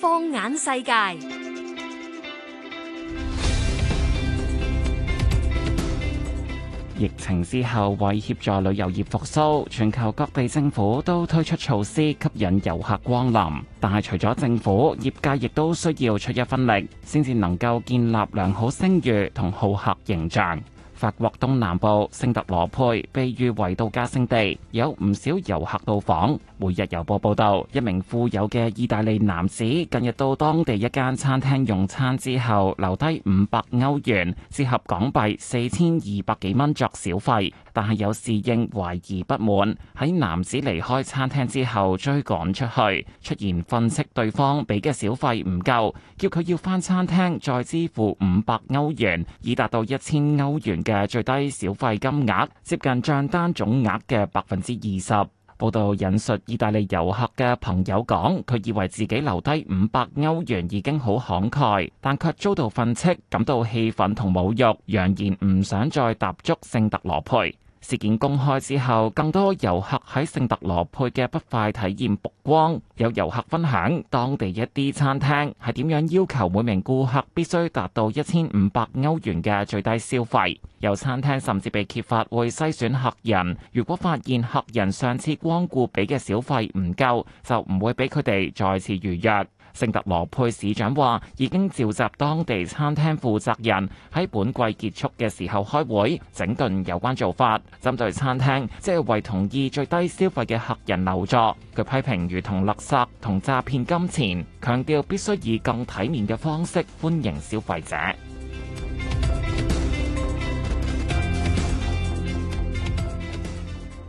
放眼世界，疫情之後為協助旅遊業復蘇，全球各地政府都推出措施吸引遊客光臨。但係除咗政府，業界亦都需要出一分力，先至能夠建立良好聲譽同好客形象。法國東南部聖特羅佩被譽為度假勝地，有唔少遊客到訪。每日郵報報導，一名富有嘅意大利男子近日到當地一間餐廳用餐之後，留低五百歐元，折合港幣四千二百幾蚊作小費。但係有侍應懷疑不滿，喺男子離開餐廳之後追趕出去，出言訓斥對方俾嘅小費唔夠，叫佢要返餐廳再支付五百歐元，以達到一千歐元嘅。嘅最低小費金額，接近賬單總額嘅百分之二十。報道引述意大利遊客嘅朋友講，佢以為自己留低五百歐元已經好慷慨，但卻遭到訓斥，感到氣憤同侮辱，揚言唔想再踏足聖特羅佩。事件公開之後，更多遊客喺聖特羅佩嘅不快體驗曝光。有遊客分享，當地一啲餐廳係點樣要求每名顧客必須達到一千五百歐元嘅最低消費。有餐廳甚至被揭發會篩選客人，如果發現客人上次光顧俾嘅小費唔夠，就唔會俾佢哋再次預約。聖特羅佩市長話，已經召集當地餐廳負責人喺本季結束嘅時候開會整頓有關做法。針對餐廳即係為同意最低消費嘅客人留座，佢批評如同勒索同詐騙金錢，強調必須以更體面嘅方式歡迎消費者。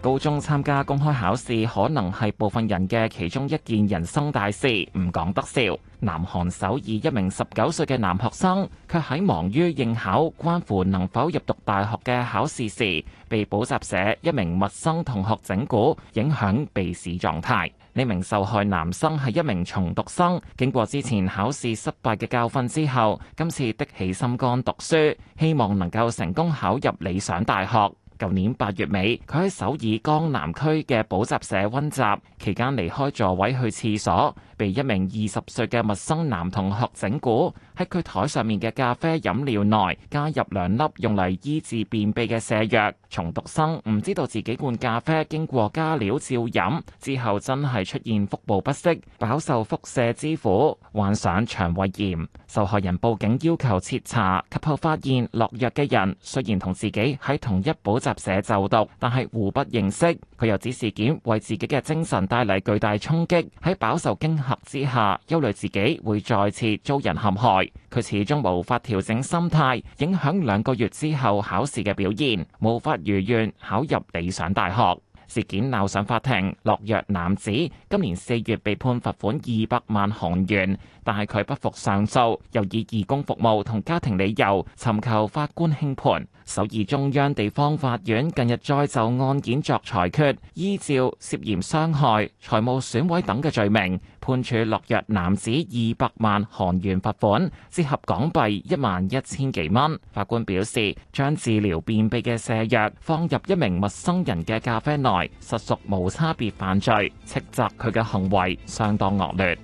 高中參加公開考試可能係部分人嘅其中一件人生大事，唔講得笑。南韓首爾一名十九歲嘅男學生，卻喺忙於應考關乎能否入讀大學嘅考試時，被補習社一名陌生同學整蠱，影響備試狀態。呢名受害男生係一名重讀生，經過之前考試失敗嘅教訓之後，今次的起心肝讀書，希望能夠成功考入理想大學。舊年八月尾，佢喺首爾江南區嘅補習社溫習期間，離開座位去厠所，被一名二十歲嘅陌生男同學整蠱，喺佢台上面嘅咖啡飲料內加入兩粒用嚟醫治便秘嘅瀉藥。重讀生唔知道自己罐咖啡經過加料照飲之後，真係出現腹部不適，飽受腹瀉之苦，患上腸胃炎。受害人報警要求徹查，及後發現落藥嘅人雖然同自己喺同一補習社就讀，但係互不認識。佢又指事件為自己嘅精神帶嚟巨大衝擊，喺飽受驚嚇之下，憂慮自己會再次遭人陷害。佢始終無法調整心態，影響兩個月之後考試嘅表現，無法如願考入理想大學。 事件鬧上法庭，落藥男子今年四月被判罰款二百萬韓元，但係佢不服上訴，又以義工服務同家庭理由尋求法官輕判。首爾中央地方法院近日再就案件作裁決，依照涉嫌傷害、財務損毀等嘅罪名，判處落藥男子二百萬韓元罰款，折合港幣一萬一千幾蚊。法官表示，將治療便秘嘅瀉藥放入一名陌生人嘅咖啡內，實屬無差別犯罪，斥責佢嘅行為相當惡劣。